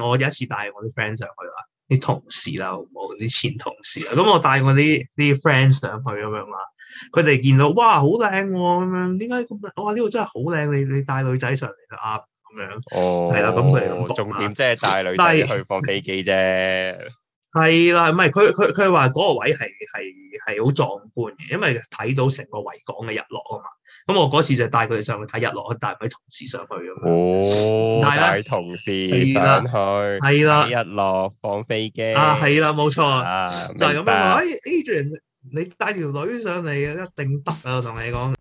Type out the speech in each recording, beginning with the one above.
我有一次帶我啲 friend 上去啦，啲同事啦，好唔好？啲前同事啦，咁我帶我啲啲 friend 上去咁樣啦，佢哋見到哇好靚咁樣，點解咁？哇呢度真係好靚，你你帶女仔上嚟啊咁樣，哦係啦，咁佢哋咁重點即係帶女仔去放飛機啫，係啦是，唔係佢佢佢話嗰個位係係係好壯觀嘅，因為睇到成個維港嘅日落啊嘛。咁我嗰次就帶佢哋上去睇日落，去帶埋同事上去咁。哦，帶同事上去，係啦，哦，日落放飛機啊，係啦，冇錯，就係咁樣。哎，Adrian，你帶條女上嚟啊，一定得啊，同你講。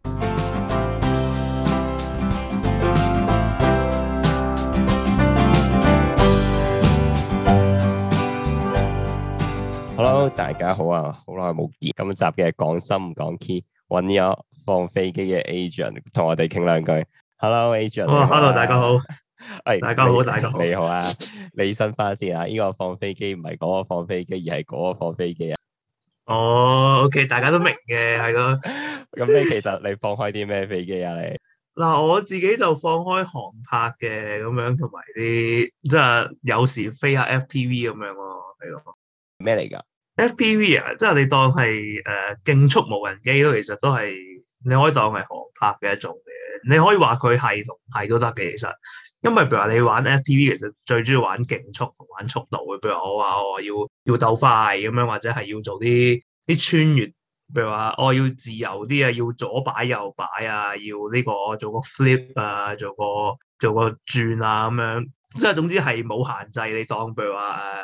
Hello，大家好啊，好耐冇見。今集嘅講心唔講 key，揾咗。放飛機嘅 Adrian 同我哋傾兩句。Hello Adrian，哇、oh,，Hello 說大家好，誒 Hey, 你，大家好，大家好，你好啊，李新花先啊，呢、這個放飛機唔係嗰個放飛機，而係嗰個放飛機啊。哦、oh,，OK，大家都明嘅係咯。咁 你其實你放開啲咩飛機啊？你嗱，我自己就放開航拍嘅咁樣，同埋啲即係有時飛下 FPV 咁樣咯，係咯。咩嚟噶？FPV 啊，即、就、係、是、你當係誒競速無人機咯，其實都係。你可以當係航拍嘅一種嘅，你可以話佢係同係都得嘅。其實，因為譬如話你玩 FPV 其實最主要玩競速同玩速度嘅。譬如我話我要要鬥快咁樣，或者係要做啲啲穿越。譬如話我要自由啲啊，要左擺右擺啊，要呢個做個 flip 啊，做個做個轉啊咁樣。即係總之係冇限制，你當譬如話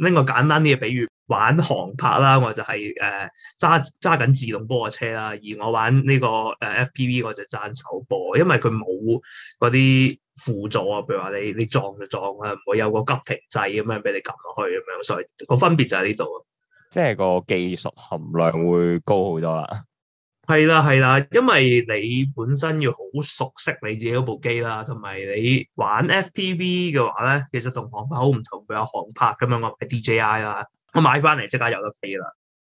誒，拎個簡單啲嘅比喻。玩航拍啦，我就係誒揸揸緊自動波嘅車啦。而我玩呢、這個誒、呃、FPV，我就揸手波，因為佢冇嗰啲輔助啊，譬如話你你撞就撞啊，唔會有個急停掣咁樣俾你撳落去咁樣，所以、那個分別就係呢度。即係個技術含量會高好多啦。係啦係啦，因為你本身要好熟悉你自己嗰部機啦，同埋你玩 FPV 嘅話咧，其實同航拍好唔同，譬如話航拍咁樣我買 DJI 啦。我買翻嚟即刻有得飛啦，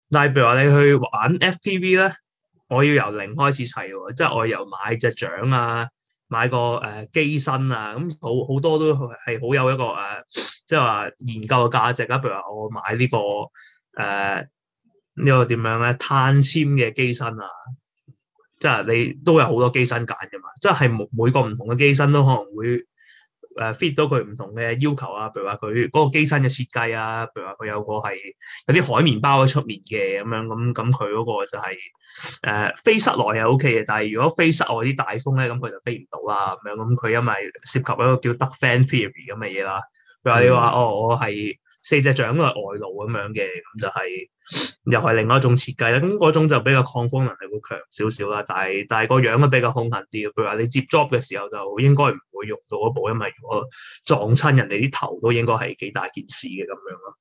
但係譬如話你去玩 FPV 咧，我要由零開始砌喎，即係我由買隻槳啊，買個誒機身啊，咁好好多都係好有一個誒，即係話研究嘅價值。譬如話我買呢個誒呢個點樣咧，碳纖嘅機身啊，即係你都有好多機身揀噶嘛，即係每每個唔同嘅機身都可能會。誒 fit 到佢唔同嘅要求啊，譬如話佢嗰個機身嘅設計啊，譬如話佢有個係有啲海綿包喺出面嘅咁樣，咁咁佢嗰個就係、是、誒、呃、飛室內係 OK 嘅，但係如果飛室外啲大風咧，咁佢就飛唔到啦咁樣，咁佢因為涉及一個叫 duck fan theory 咁嘅嘢啦，譬如話你話、嗯、哦，我係。四隻掌都係外露咁樣嘅，咁就係、是、又係另外一種設計啦。咁嗰種就比較抗風能係會強少少啦，但係但係個樣咧比較兇狠啲。譬如話你接 job 嘅時候就應該唔會用到嗰部，因為如果撞親人哋啲頭都應該係幾大件事嘅咁樣咯。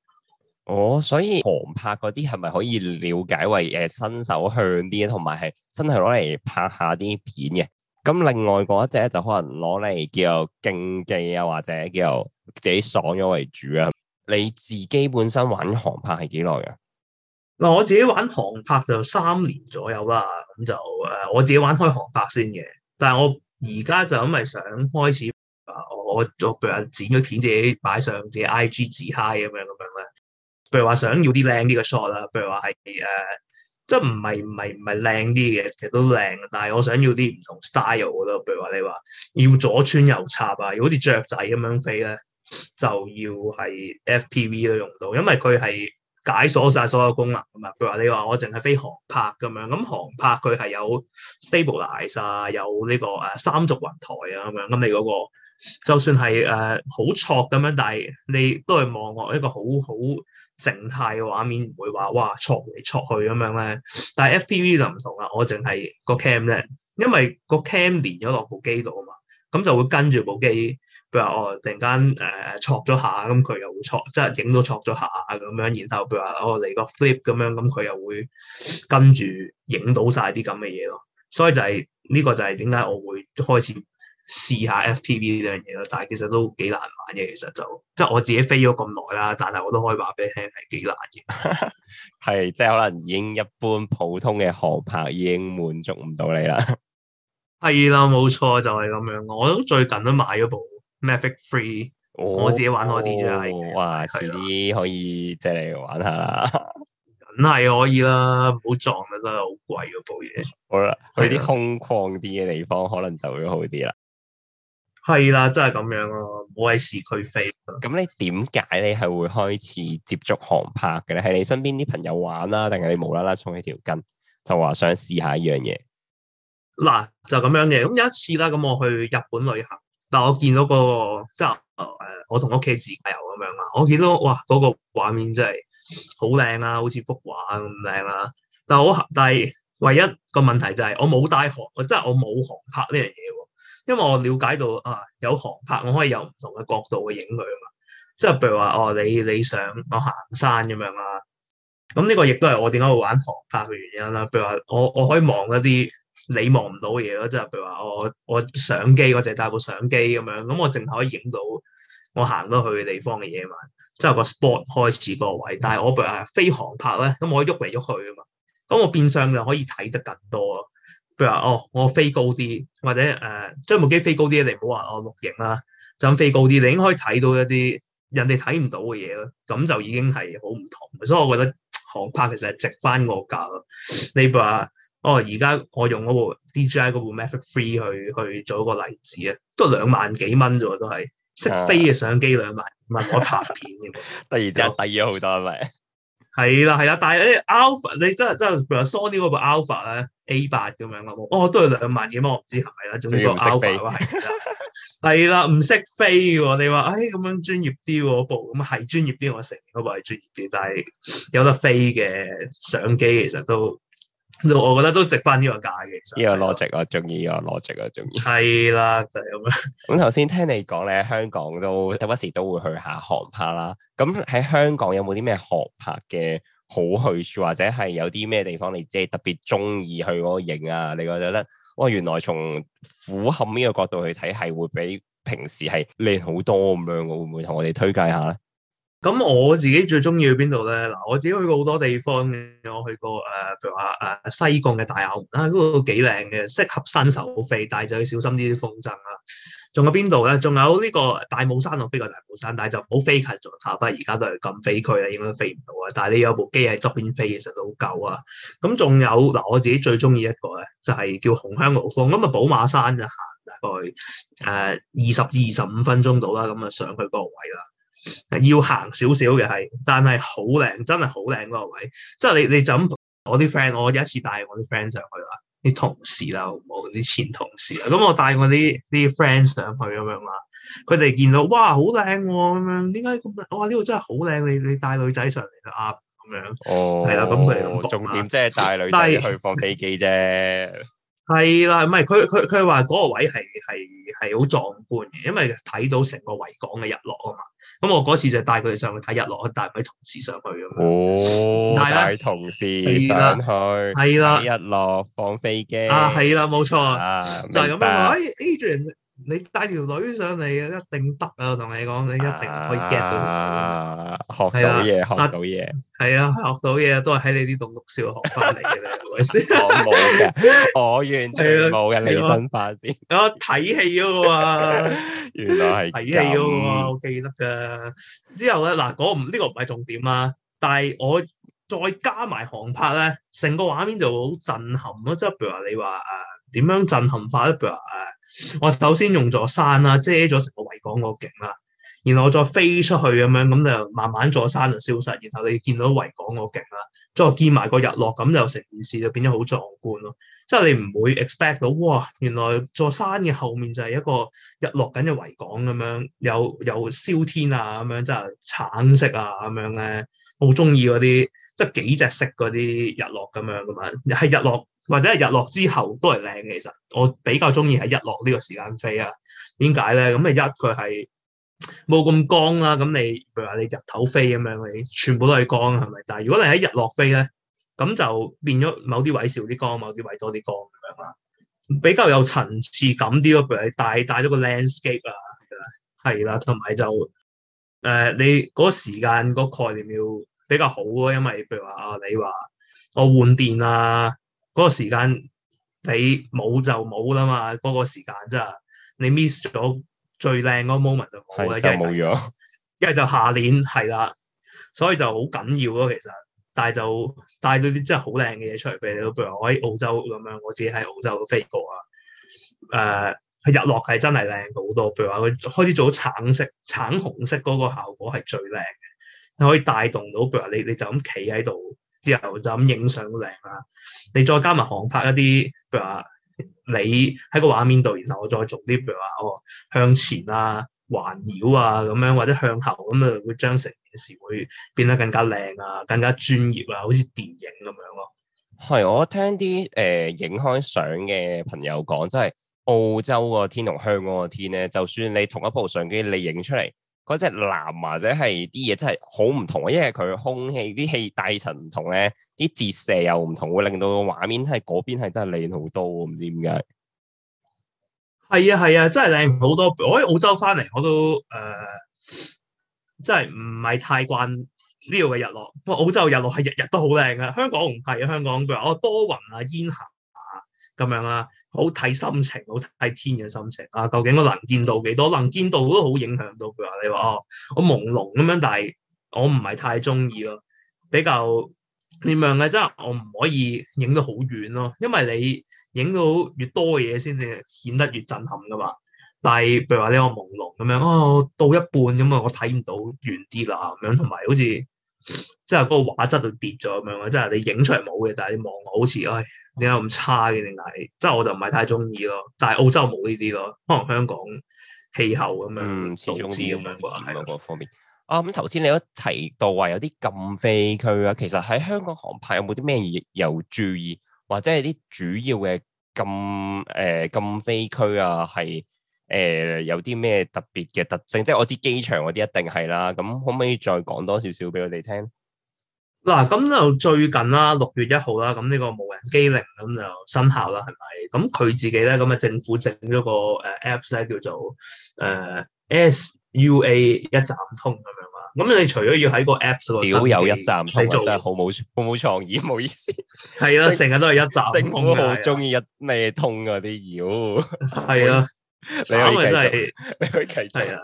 哦，所以航拍嗰啲係咪可以了解為誒新手向啲，同埋係真係攞嚟拍一下啲片嘅？咁另外講一隻就可能攞嚟叫競技啊，或者叫自己爽咗為主啊。是你自己本身玩航拍係幾耐噶？嗱，我自己玩航拍就三年左右啦。咁就誒，我自己玩開航拍先嘅。但係我而家就咁咪想開始啊，我我譬如話剪咗片自己擺上自己 I G 自 high 咁樣咁樣咧。譬如話想要啲靚啲嘅 shot 啦，譬如話係誒，即係唔係唔係唔係靚啲嘅，其實都靚。但係我想要啲唔同 style 咯。譬如話你話要左穿右插啊，要好似雀仔咁樣飛咧。就要係 FPV 都用到，因為佢係解鎖晒所有功能。咁啊，譬如話你話我淨係飛航拍咁樣，咁航拍佢係有 stabilize 啊，有呢個誒三軸雲台啊咁樣。咁你嗰個就算係誒好錯咁樣，但係你都係望落一個好好靜態嘅畫面，唔會話哇錯嚟錯去咁樣咧。但係 FPV 就唔同啦，我淨係個 cam 咧，因為個 cam 連咗落部機度啊嘛，咁就會跟住部機。譬如我、哦、突然間誒撮咗下，咁佢又會撮，即係影到撮咗下咁樣。然後譬如我嚟、哦、個 flip 咁樣，咁佢又會跟住影到晒啲咁嘅嘢咯。所以就係、是、呢、這個就係點解我會開始試下 FPV 呢樣嘢咯。但係其實都幾難玩嘅，其實就即係我自己飛咗咁耐啦。但係我都可以話俾你聽，係幾難嘅。係 即係可能已經一般普通嘅航拍已經滿足唔到你啦。係 啦，冇錯，就係、是、咁樣。我都最近都買咗部。Mavic 3，oh，我自己玩多啲啫。哇，遲啲的可以借嚟玩下啦，梗係可以啦，唔好 撞啦，真係好貴嗰部嘢。好啦，去啲一的空曠啲嘅地方，可能就會好啲啦。係啦，真係咁樣咯，啊，冇喺市區飛。咁你點解你係會開始接觸航拍嘅咧？係你身邊啲朋友玩一一啦，定係你無啦啦沖起條筋，就話想試下依樣嘢？嗱，就咁樣嘅，咁有一次啦，咁我去日本旅行。但係我見到個即係誒，我同屋企自駕遊咁樣啊，我見到哇嗰個畫面真係好靚啊，好似幅畫咁靚啦。但係我但係唯一個問題就係我冇帶航，即係我冇航拍呢樣嘢喎。因為我了解到啊，有航拍我可以有唔同嘅角度嘅影佢啊嘛。即係譬如話哦，你你想我行山咁樣啊，咁呢個亦都係我點解會玩航拍嘅原因啦。譬如話我我可以望一啲。你望唔到嘢咯，即係譬如話，我我相機，我淨係帶部相機咁樣，咁我淨係可以影到我行到去嘅地方嘅嘢嘛。即係個 spot 開始個位，但係我譬如話飛航拍咧，咁我喐嚟喐去啊嘛。咁我變相就可以睇得更多咯。譬如話，哦，我飛高啲，或者誒，將、呃、部機飛高啲，你唔好話我錄影啦，就咁飛高啲，你應該可以睇到一啲人哋睇唔到嘅嘢咯。咁就已經係好唔同。所以我覺得航拍其實係值翻個價咯。你話？哦，而家我用嗰部 DJI 部 Mavic Three 去去做一個例子啊，都兩萬幾蚊啫，都係識飛嘅相機，兩萬蚊我拍片。嘅 后，第二就低咗好多係咪？係啦係啦，但係你 Alpha 你真真譬如 Sony 嗰部 Alpha 咧 A 八咁樣咯，哦都係兩萬幾蚊，我唔知係咪啦，總之個 Alpha 係係啦，唔識飛嘅你話，哎咁樣專業啲喎嗰部，咁係專業啲我承認嗰部係專業啲，但係有得飛嘅相機其實都。我覺得都值翻呢個價嘅，呢個 logic 我中意，呢個 logic 我中意。係啦，就係、是、咁樣。咁頭先聽你講咧，你喺香港都有不時都會去下航拍啦。咁喺香港有冇啲咩航拍嘅好去處，或者係有啲咩地方你即係特別中意去嗰個影啊？你覺得哇，原來從俯瞰呢個角度去睇，係會比平時係靚好多咁樣嘅，會唔會同我哋推介下咧？咁我自己最中意去邊度咧？嗱，我自己去過好多地方嘅，我去過誒，譬、呃、如話誒、呃、西貢嘅大坳門啦，嗰個幾靚嘅，適合新手飛，但係就要小心啲啲風箏啊。仲有邊度咧？仲有呢個大帽山我飛過大帽山，但係就唔好飛近座塔，因為而家都係禁飛區啦，應該飛唔到啊。但係你有部機喺側邊飛，其實都好夠啊。咁仲有嗱、呃，我自己最中意一個咧，就係、是、叫紅香爐峰。咁啊，寶馬山、呃、就行大概誒二十至二十五分鐘度啦，咁啊上去嗰個位啦。要行少少嘅係，但係好靚，真係好靚嗰個位。即係你，你就咁，我啲 friend，我有一次帶我啲 friend 上去啦，啲同事啦，好冇啲前同事啦。咁我帶我啲啲 friend 上去咁樣啦，佢哋見到哇，好靚咁樣，點解咁？哇，呢度、啊、真係好靚，你你帶女仔上嚟啊，咁樣。哦，係啦，咁咪重點即係帶女仔去放飛機啫。係啦，唔係佢佢佢話嗰個位係係係好壯觀嘅，因為睇到成個維港嘅日落啊嘛。咁我嗰次就帶佢哋上去睇日落，帶埋同事上去咁。哦，帶，帶同事上去，睇日落，放飛機。啊，係啦，冇錯，啊、就係咁樣。白哎 Adrian 你帶條女上嚟啊，一定得啊！同你講，你一定可以 get、啊、到，啊、學到嘢，學到嘢，係啊，學到嘢都係喺你呢度讀小學翻嚟嘅啦。 我冇嘅， 我完全冇嘅，離身、啊、化先。我睇戲啊嘛， 原來係睇戲啊嘛，我記得噶。之後咧嗱，唔、那、呢個唔係、這個、重點啊，但係我再加埋航拍咧，成個畫面就好震撼咯。即係譬如話你話啊。點樣震撼化咧？譬如話，誒，我首先用座山啦，遮咗成個維港個景啦，然後我再飛出去咁樣，咁就慢慢座山就消失，然後你見到維港個景啦，再見埋個日落，咁就成件事就變咗好壯觀咯。即係你唔會 expect 到，哇！原來座山嘅後面就係一個日落緊嘅維港咁樣，有有燒天啊咁樣，即係橙色啊咁樣咧，好中意嗰啲即係幾隻色嗰啲日落咁樣噶嘛，係日落。或者係日落之後都係靚，其實我比較中意喺日落呢個時間飛啊。點解咧？咁你一佢係冇咁光啦。咁你譬如話你日頭飛咁樣，你全部都係光係咪？但係如果你喺日落飛咧，咁就變咗某啲位少啲光，某啲位多啲光咁樣啦。比較有層次感啲咯，譬如你帶帶咗個 landscape 啊，係啦，同埋就誒、呃、你嗰個時間嗰概念要比較好咯，因為譬如話啊，你話我換電啊。嗰個時間你冇就冇啦嘛，嗰、嗰個時間真係，你 miss 咗最靚嗰 moment 就冇啦，一係就冇咗，一係就下年係啦，所以就好緊要咯其實。但係就帶到啲真係好靚嘅嘢出嚟俾你，譬如話我喺澳洲咁樣，我自己喺澳洲飛過啊，誒、呃，佢日落係真係靚好多，譬如話佢開始做橙色、橙紅色嗰個效果係最靚嘅，你可以帶動到譬如話你你就咁企喺度。之後就咁影相靚啊！你再加埋航拍一啲，譬如話你喺個畫面度，然後我再做啲，譬如話向前啊、環繞啊咁樣，或者向後咁樣，會將成件事會變得更加靚啊、更加專業啊，好似電影咁樣咯啊。係我聽啲誒影開相嘅朋友講，即係澳洲個天同香港個天咧，就算你同一部相機你影出嚟。嗰隻藍或者係啲嘢真係好唔同啊！因為佢空氣啲氣帶層唔同咧，啲折射又唔同，會令到個畫面係嗰邊係真係靚好多，唔知點解。係啊係啊，真係靚好多！我喺澳洲翻嚟，我都誒、呃，真係唔係太慣呢度嘅日落。不過澳洲日落係日日都好靚噶，香港唔係啊！香港譬如我多雲啊煙霞啊咁樣啊。好睇心情，好睇天嘅心情啊！究竟我能見到幾多？能見到都好影響到譬如話你話哦，我朦朧咁樣，但係我唔係太中意咯。比較點樣嘅？即係我唔可以影到好遠咯，因為你影到越多嘢先至顯得越震撼噶嘛。但係譬如話你個朦朧咁樣，哦到一半咁啊，我睇唔到遠啲啦咁樣，同埋好似即係嗰個畫質就跌咗咁樣即係你影出嚟冇嘅，但係你望好似唉。哎點解咁差嘅？定係即係我就唔係太中意咯。但係澳洲冇呢啲咯，可能香港氣候咁樣、嗯、導致咁樣啩係的啊。咁頭先你都提到話有啲禁飛區啊，其實喺香港航拍有冇啲咩嘢要注意，或者係啲主要嘅禁誒、呃、禁飛區啊？係誒、呃、有啲咩特別嘅特徵？即係我知機場嗰啲一定係啦。咁可唔可以再講多少少俾我哋聽？嗱，咁就最近啦，六月一號啦，咁呢個無人機令咁就生效啦，係咪？咁佢自己咧咁啊，政府整咗個誒 apps 咧，叫做誒、呃、SUA 一站通咁樣嘛。咁你除咗要喺個 apps 度，屌有一站通做、啊、真係好冇好冇創意，冇意思。係 啊，成日整都係一站。好中意一咩通嗰啲，啊啊、妖。係 啊，咁咪 真係你去繼續啊。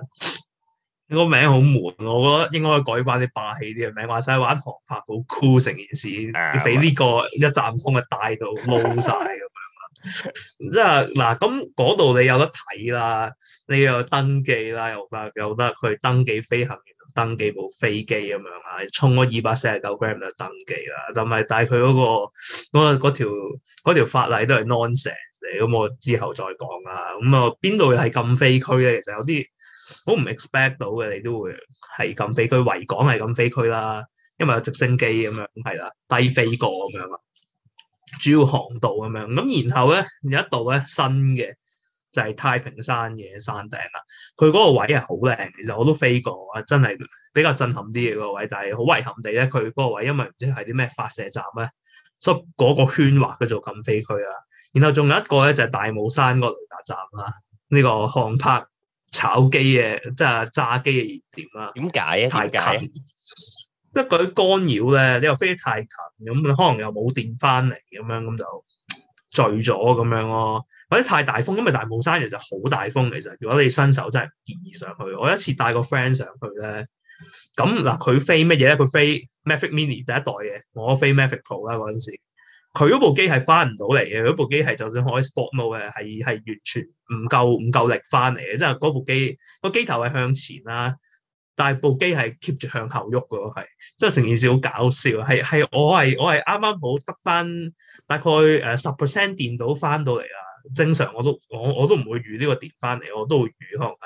你個名好悶，我覺得應該改翻啲霸氣啲嘅名，話晒玩航拍好酷，成件事，俾呢、啊、個一陣風嘅帶到撈晒咁樣。即係嗱，咁嗰度你有得睇啦，你又登記啦，又得又得，佢登記飛行員，登記部飛機咁樣啊，沖咗二百四十九 gram 就登記啦，但係，但係佢嗰個嗰個條條法例都係 non sense 嚟，咁我之後再講啦。咁啊，邊度係禁飛區咧？其實有啲。好唔 expect 到嘅，你都會係禁飛區，維港係禁飛區啦，因為有直升機咁樣，係啦，低飛過咁樣啊，主要航道咁樣。咁然後咧有一度咧新嘅就係、是、太平山嘅山頂啦，佢嗰個位係好靚，其實我都飛過，真係比較震撼啲嘅個位。但係好遺憾地咧，佢嗰個位因為唔知係啲咩發射站咧，所以嗰個圈劃嘅做禁飛區啦。然後仲有一個咧就係、是、大帽山雷、這個雷達站啦，呢個航拍。炒機嘅即係炸機嘅熱點啦。點解咧？太近，即係嗰啲干擾咧。你又飛得太近，咁可能又冇電翻嚟，咁樣咁就墜咗咁樣咯。或者太大風，咁啊大帽山其實好大風。其實如果你新手真係唔建議上去，我一次帶一個 friend 上去咧。咁嗱，佢飛乜嘢咧？佢飛 Mavic Mini 第一代嘅，我飛 Mavic Pro 啦嗰陣時，佢嗰部機係返唔到嚟嘅，嗰部機係就算開 sport mode 嘅係係完全唔夠唔夠力返嚟嘅，即係嗰部機個機頭係向前啦，但係部機係 keep 住向後喐嘅喎，係即係成件事好搞笑，係係我係我係啱啱好得返大概誒十 percent 電到返到嚟啊，正常我都我我都唔會預呢個電返嚟，我都會預可能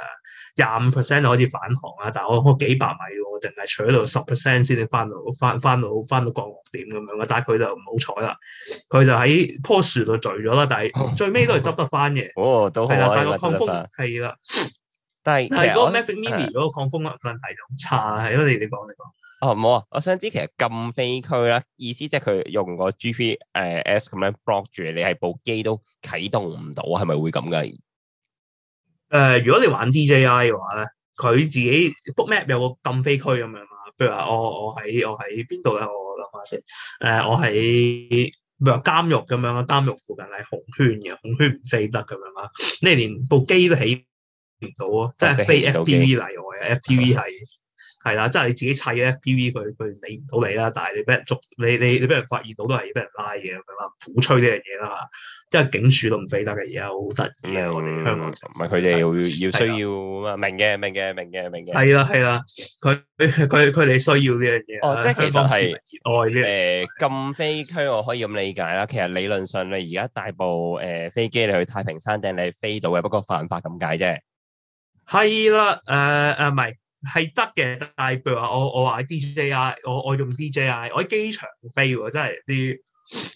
廿五 percent 就開始返航啊，但係我我幾百米喎。定係除喺度十 percent 先，至翻到翻翻到翻到降落點咁樣嘅，但係佢就唔好彩啦，佢就喺棵樹度墜咗啦。但係最尾都係執得翻嘅。哦，都好啊，但個抗風係啦。但係但係嗰個 Mavic Mini 嗰、啊、個抗風問題就好差，係咯？你你講你講。哦，冇啊！我想知其實禁飛區咧意思 v,、uh,，即係佢用個 GP 誒 S 咁樣 block 住，你係部機都啟動唔到，係咪會咁㗎？誒、呃，如果你玩 DJI 嘅話咧？佢自己 book map 有個禁飛區咁樣啊，譬如話我我喺我喺邊度咧，我諗下先。誒，我喺譬、呃、如話監獄咁樣啊，監獄附近係紅圈嘅，紅圈唔飛得咁樣啊。你連部機都起唔到啊，即係飛 FPV 例外啊，FPV 係。係啦，即係你自己砌嘅 FPV 佢佢理唔到你啦。但係你俾人捉，你你你俾人發現到都係俾人拉嘅。咁樣啦，鼓吹呢樣嘢啦。即係警署都唔飛得嘅，而家好得意。嗯、我哋香港唔係佢哋要要需要的明嘅，明嘅，明嘅，明嘅。係啦，係啦，佢佢佢哋需要呢樣嘢。哦，即係其實係熱愛呢，誒禁飛區，我可以咁理解啦。其實理論上你而家帶部誒、呃、飛機，你去太平山頂你飛到嘅，不過犯法咁解啫。係啦，誒誒唔係。係得嘅，但係譬如話我我話 DJI，我我用 DJI，我喺機場飛喎，真係啲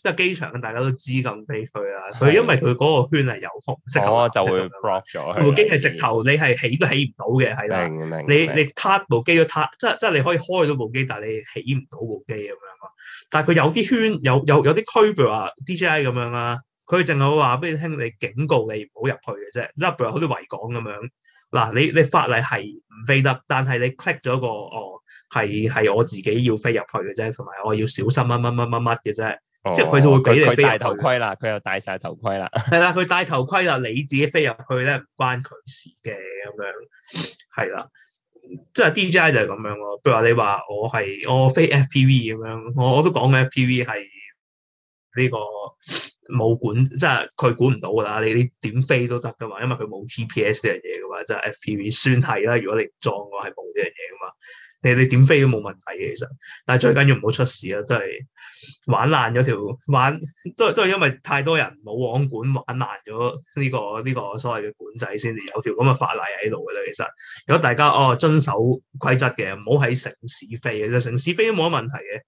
即係機場，大家都知咁飛去啦。佢，的因為佢嗰個圈係有風，哦，oh, 就會 block 咗。部機係直頭你係起都起唔到嘅，係啦白的。明明。你你撻部機都撻，即係即係你可以開到部機，但係你起唔到部機咁樣咯。但係佢有啲圈有有有啲區域，話 DJI 咁樣啦。佢淨係話俾你聽警告你唔好入去嘅啫，即係譬如好似維港咁樣。嗱，你你法例係唔飛得，但係你 click 咗個哦，係，係我自己要飛入去嘅啫，同埋我要小心乜乜乜乜乜嘅啫，哦、即係佢都會俾你戴頭盔啦，佢又戴晒頭盔啦，係 啦，佢戴頭盔啦，你自己飛入去咧，唔關佢事嘅咁樣，係啦，即係 DJI 就係、是、咁樣咯，譬如話你話我係我飛 FPV 咁樣，我我都講嘅 FPV 係。呢個冇管，即係佢管唔到㗎啦。你你點飛都得噶嘛，因為佢冇 GPS 呢樣嘢噶嘛，即係 FPV 算係啦。如果你撞嘅話係冇呢樣嘢噶嘛，你你點飛都冇問題嘅。其實，但係最緊要唔好出事啦，真係玩爛咗條玩，都係都係因為太多人冇網管玩爛咗呢個呢個所謂嘅管制先至有條咁嘅法例喺度㗎啦。其實，如果大家哦遵守規則嘅，唔好喺城市飛。其實城市飛都冇乜問題嘅。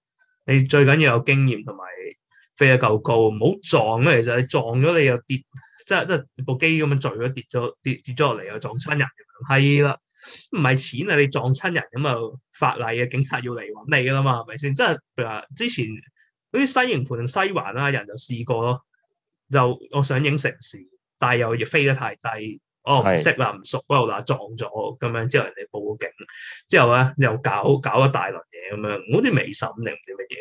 你最緊要有經驗同埋。飛得夠高，唔好撞咧。其實你撞咗，你又跌，即係即係部機咁樣墜咗，跌咗跌跌咗落嚟又撞親人，係啦，唔係錢啊，你撞親人咁就法例嘅警察要嚟搵你噶啦嘛，係咪先？即係誒，譬如之前嗰啲西營盤西環啦，人就試過咯，就我想影城市，但係又要飛得太低。.哦，唔識啦，唔熟嗰度啦，撞咗咁樣之後，人哋報警之後咧，又搞搞一大輪嘢咁樣，好似微審定唔知乜嘢，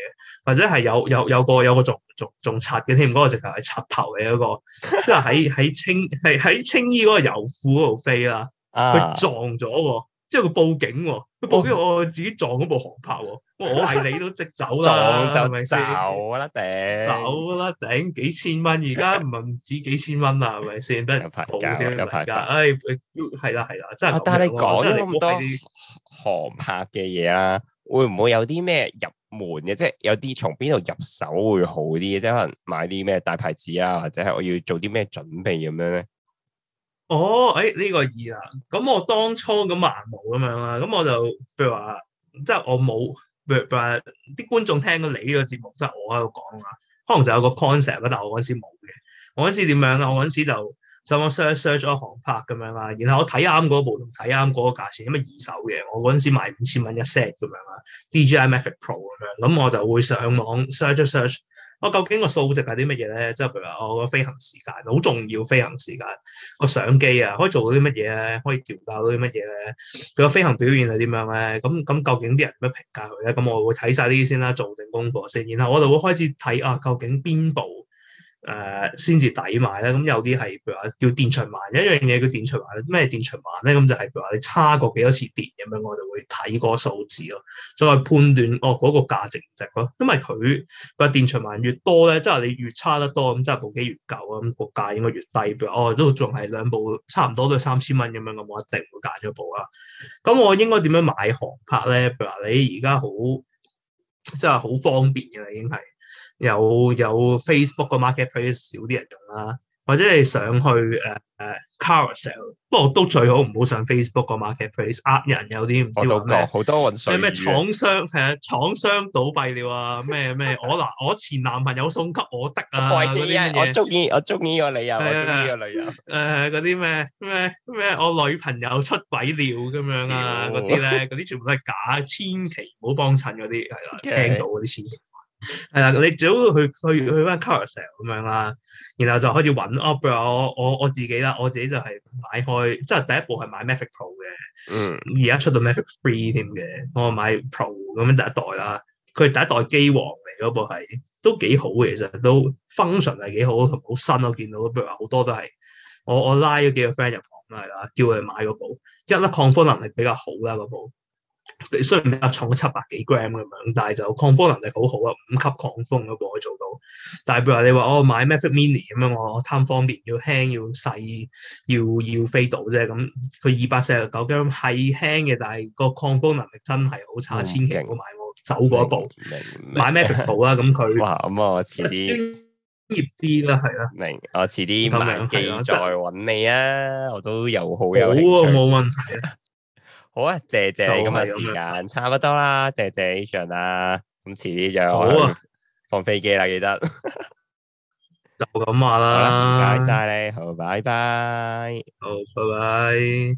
或者係有有有個有個仲仲仲柒嘅，添嗰個直頭係柒頭嘅嗰個， 即係喺喺青係喺青衣嗰個油庫嗰度飛啦，佢 撞咗喎。即係佢報警、啊，佢報警，我自己撞咗部航拍喎、啊哦，我係你都即走啦， 就走咪先定走啦，頂走啦，頂幾千蚊，而家唔係唔止幾千蚊啊，係咪先得？有牌架，有牌架，唉，係啦係啦，真係但係你講咗咁多航拍嘅嘢啦，會唔會有啲咩入門嘅，即係有啲從邊度入手會好啲，即係可能買啲咩大牌子啊，或者係我要做啲咩準備咁樣咧？哦，誒、哎、呢、這個二啦，咁我當初咁盲目咁樣啦，咁我就譬如話，即係我冇，譬如譬如啲觀眾聽咗你呢個節目，即係我喺度講啦，可能就有個 concept 啦，但係我嗰陣時冇嘅。我嗰陣時點樣啊？我嗰陣時就，就上網 search search 咗行拍咁樣啦，然後我睇啱嗰部，睇啱嗰個價錢，因為二手嘅，我嗰陣時賣五千蚊一 set 咁樣啦，DJI Mavic Pro 咁樣，咁我就會上網 search search。究竟個數值係啲乜嘢咧？即係譬如話，我個飛行時間好重要，飛行時間個相機啊，可以做到啲乜嘢咧？可以調教到啲乜嘢咧？佢個飛行表現係點樣咧？咁咁究竟啲人點樣評價佢咧？咁我會睇晒啲先啦，做定功課先，然後我就會開始睇啊，究竟邊部？誒先至抵買啦。咁有啲係譬如話叫電循環，一樣嘢叫電循環，咩電循環咧？咁就係譬如話你差過幾多次電咁樣，我就會睇個數字咯，再判斷哦嗰個價值唔值咯。因為佢個電循環越多咧，即係你越差得多，咁即係部機越舊啊，咁個價應該越低。譬如哦，都仲係兩部差唔多都係三千蚊咁樣，我一定會加咗部啦。咁我應該點樣買航拍咧？譬如話你而家好即係好方便嘅啦，已經係。有有 Facebook 個 marketplace 少啲人用啦、啊，或者你上去誒誒、uh, Carousell，不過都最好唔好上 Facebook 個 marketplace，呃人有啲唔知道。我都覺好多混水。咩咩廠商係啊，廠商倒閉了啊，咩咩我嗱我前男朋友送給我得啊，嗰啲嘢。我中意我中意個理由，我中意個理由。誒嗰啲咩咩咩，我女朋友出軌了咁樣啊，嗰啲咧，嗰啲全部都係假，千祈唔好幫襯嗰啲，係啦，聽到嗰啲千係啦，你最好去去去翻 Carousell 咁樣啦，然後就開始揾 Opera、哦。我我我自己啦，我自己就係買開，即係第一部係買 Mavic Pro 嘅。而家、嗯、出到 Mavic 3添嘅，我買 Pro 咁樣第一代啦。佢第一代機王嚟，嗰部係都幾好嘅，其實都 function 係幾好，同埋好新。我見到譬如話好多都係我我拉咗幾個 friend 入行啦，叫佢買嗰部，一粒抗風能力比較好啦，嗰部。雖然比較重七百幾 gram 咁樣，但係就抗風能力好好啊，五級抗風嗰個可以做到。但係譬如話你話我、哦、買 Mavic Mini 咁樣，我貪方便要輕要細要要飛到啫。咁佢二百四十九 g 係輕嘅，但係個抗風能力真係好差，哦、千祈唔好買。走嗰一步，買 Mavic Pro 啦。咁佢哇，咁啊，遲啲專業啲啦，係啦。明，我遲啲買機、啊、再揾你啊。但我都有好有興趣。好啊，冇問題，啊。好啊，謝謝你今日時間差不多啦，謝謝 Adrian 啊，咁遲啲就放飛機啦，記得就咁話啦，唔該晒你，好，拜拜，好，拜拜。